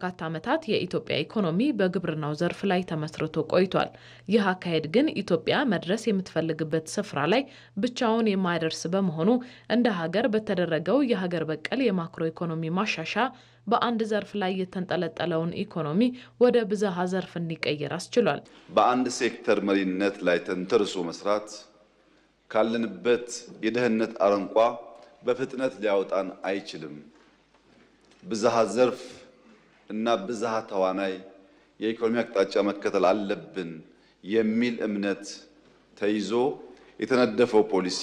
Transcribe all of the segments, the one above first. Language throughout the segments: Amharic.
ለበርካታ ዓመታት የኢትዮጵያ ኢኮኖሚ በግብርናው ዘርፍ ላይ ተመስርቶ ቆይቷል። ይህ አካሄድ ግን ኢትዮጵያ መድረስ የምትፈልግበት ስፍራ ላይ ብቻውን የማይደርስ በመሆኑ እንደ ሀገር በተደረገው የሀገር በቀል የማክሮ ኢኮኖሚ ማሻሻ በአንድ ዘርፍ ላይ የተንጠለጠለውን ኢኮኖሚ ወደ ብዝሃ ዘርፍ እንዲቀየር አስችሏል። በአንድ ሴክተር መሪነት ላይ ተንተርሶ መስራት ካለንበት የደህንነት አረንቋ በፍጥነት ሊያወጣን አይችልም። ብዝሃ ዘርፍ እና ብዝሃ ተዋናይ የኢኮኖሚ አቅጣጫ መከተል አለብን የሚል እምነት ተይዞ የተነደፈው ፖሊሲ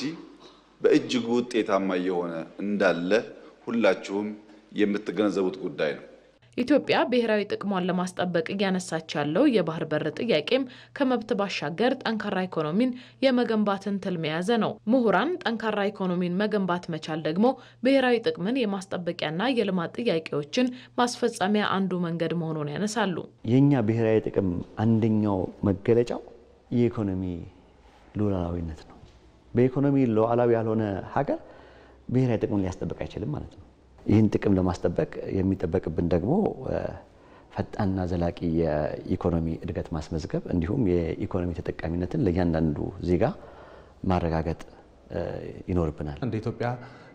በእጅጉ ውጤታማ እየሆነ እንዳለ ሁላችሁም የምትገነዘቡት ጉዳይ ነው። ኢትዮጵያ ብሔራዊ ጥቅሟን ለማስጠበቅ እያነሳች ያለው የባህር በር ጥያቄም ከመብት ባሻገር ጠንካራ ኢኮኖሚን የመገንባትን ትልም የያዘ ነው። ምሁራን ጠንካራ ኢኮኖሚን መገንባት መቻል ደግሞ ብሔራዊ ጥቅምን የማስጠበቂያና የልማት ጥያቄዎችን ማስፈጸሚያ አንዱ መንገድ መሆኑን ያነሳሉ። የእኛ ብሔራዊ ጥቅም አንደኛው መገለጫው የኢኮኖሚ ሉዓላዊነት ነው። በኢኮኖሚ ሉዓላዊ ያልሆነ ሀገር ብሔራዊ ጥቅሙን ሊያስጠብቅ አይችልም ማለት ነው። ይህን ጥቅም ለማስጠበቅ የሚጠበቅብን ደግሞ ፈጣንና ዘላቂ የኢኮኖሚ እድገት ማስመዝገብ እንዲሁም የኢኮኖሚ ተጠቃሚነትን ለእያንዳንዱ ዜጋ ማረጋገጥ ይኖርብናል። እንደ ኢትዮጵያ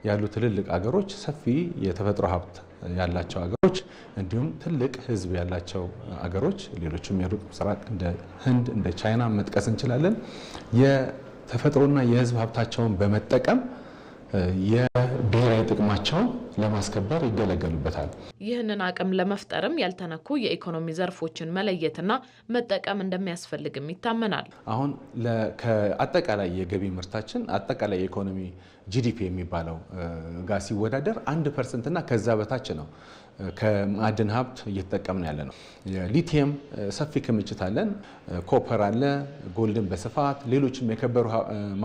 ያሉ ትልልቅ አገሮች ሰፊ የተፈጥሮ ሀብት ያላቸው አገሮች እንዲሁም ትልቅ ሕዝብ ያላቸው አገሮች ሌሎችም የሩቅ ምስራቅ እንደ ህንድ፣ እንደ ቻይና መጥቀስ እንችላለን። የተፈጥሮና የሕዝብ ሀብታቸውን በመጠቀም የብሔራዊ ጥቅማቸውን ለማስከበር ይገለገሉበታል። ይህንን አቅም ለመፍጠርም ያልተነኩ የኢኮኖሚ ዘርፎችን መለየትና መጠቀም እንደሚያስፈልግም ይታመናል። አሁን ከአጠቃላይ የገቢ ምርታችን አጠቃላይ የኢኮኖሚ ጂዲፒ የሚባለው ጋር ሲወዳደር አንድ ፐርሰንት እና ከዛ በታች ነው ከማዕድን ሀብት እየተጠቀምን ያለ ነው። ሊቲየም ሰፊ ክምችት አለን፣ ኮፐር አለ፣ ጎልድን በስፋት ሌሎችም የከበሩ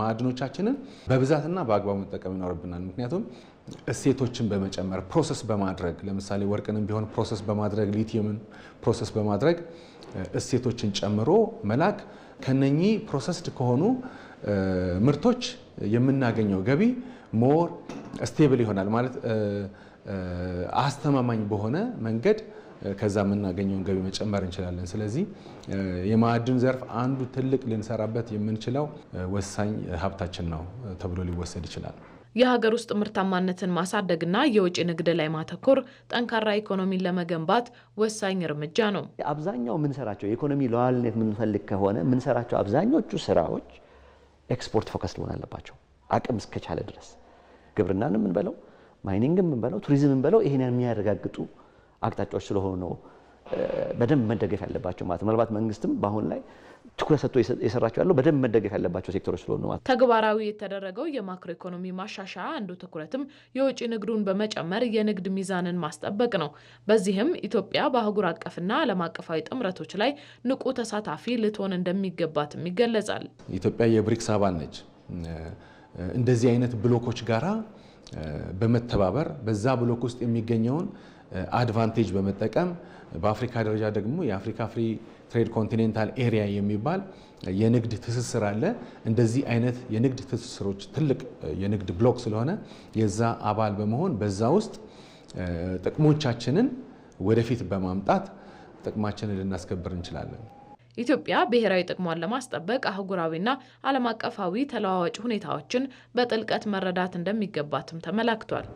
ማዕድኖቻችንን በብዛትና በአግባቡ መጠቀም ይኖርብናል። ምክንያቱም እሴቶችን በመጨመር ፕሮሰስ በማድረግ ለምሳሌ ወርቅንም ቢሆን ፕሮሰስ በማድረግ ሊቲየምን ፕሮሰስ በማድረግ እሴቶችን ጨምሮ መላክ ከነኚህ ፕሮሰስድ ከሆኑ ምርቶች የምናገኘው ገቢ ሞር ስቴብል ይሆናል ማለት አስተማማኝ በሆነ መንገድ ከዛ የምናገኘውን ገቢ መጨመር እንችላለን። ስለዚህ የማዕድን ዘርፍ አንዱ ትልቅ ልንሰራበት የምንችለው ወሳኝ ሀብታችን ነው ተብሎ ሊወሰድ ይችላል። የሀገር ውስጥ ምርታማነትን ማሳደግና የውጭ ንግድ ላይ ማተኮር ጠንካራ ኢኮኖሚን ለመገንባት ወሳኝ እርምጃ ነው። አብዛኛው የምንሰራቸው የኢኮኖሚ ለዋልነት የምንፈልግ ከሆነ የምንሰራቸው አብዛኞቹ ስራዎች ኤክስፖርት ፎከስ ሊሆን አለባቸው። አቅም እስከቻለ ድረስ ግብርናን የምንበለው፣ ማይኒንግ የምንበለው፣ ቱሪዝም የምንበለው ይህን የሚያረጋግጡ አቅጣጫዎች ስለሆኑ ነው በደንብ መደገፍ ያለባቸው ማለት ምናልባት መንግስትም በአሁን ላይ ትኩረት ሰጥቶ የሰራቸው ያለው በደንብ መደገፍ ያለባቸው ሴክተሮች ስለሆኑ ማለት ተግባራዊ የተደረገው የማክሮ ኢኮኖሚ ማሻሻያ አንዱ ትኩረትም የውጭ ንግዱን በመጨመር የንግድ ሚዛንን ማስጠበቅ ነው። በዚህም ኢትዮጵያ በአህጉር አቀፍና ዓለም አቀፋዊ ጥምረቶች ላይ ንቁ ተሳታፊ ልትሆን እንደሚገባትም ይገለጻል። ኢትዮጵያ የብሪክስ አባል ነች። እንደዚህ አይነት ብሎኮች ጋራ በመተባበር በዛ ብሎክ ውስጥ የሚገኘውን አድቫንቴጅ በመጠቀም በአፍሪካ ደረጃ ደግሞ የአፍሪካ ፍሪ ትሬድ ኮንቲኔንታል ኤሪያ የሚባል የንግድ ትስስር አለ። እንደዚህ አይነት የንግድ ትስስሮች ትልቅ የንግድ ብሎክ ስለሆነ የዛ አባል በመሆን በዛ ውስጥ ጥቅሞቻችንን ወደፊት በማምጣት ጥቅማችንን ልናስከብር እንችላለን። ኢትዮጵያ ብሔራዊ ጥቅሟን ለማስጠበቅ አህጉራዊና ዓለም አቀፋዊ ተለዋዋጭ ሁኔታዎችን በጥልቀት መረዳት እንደሚገባትም ተመላክቷል።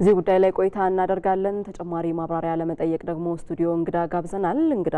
እዚህ ጉዳይ ላይ ቆይታ እናደርጋለን። ተጨማሪ ማብራሪያ ለመጠየቅ ደግሞ ስቱዲዮ እንግዳ ጋብዘናል። እንግዳ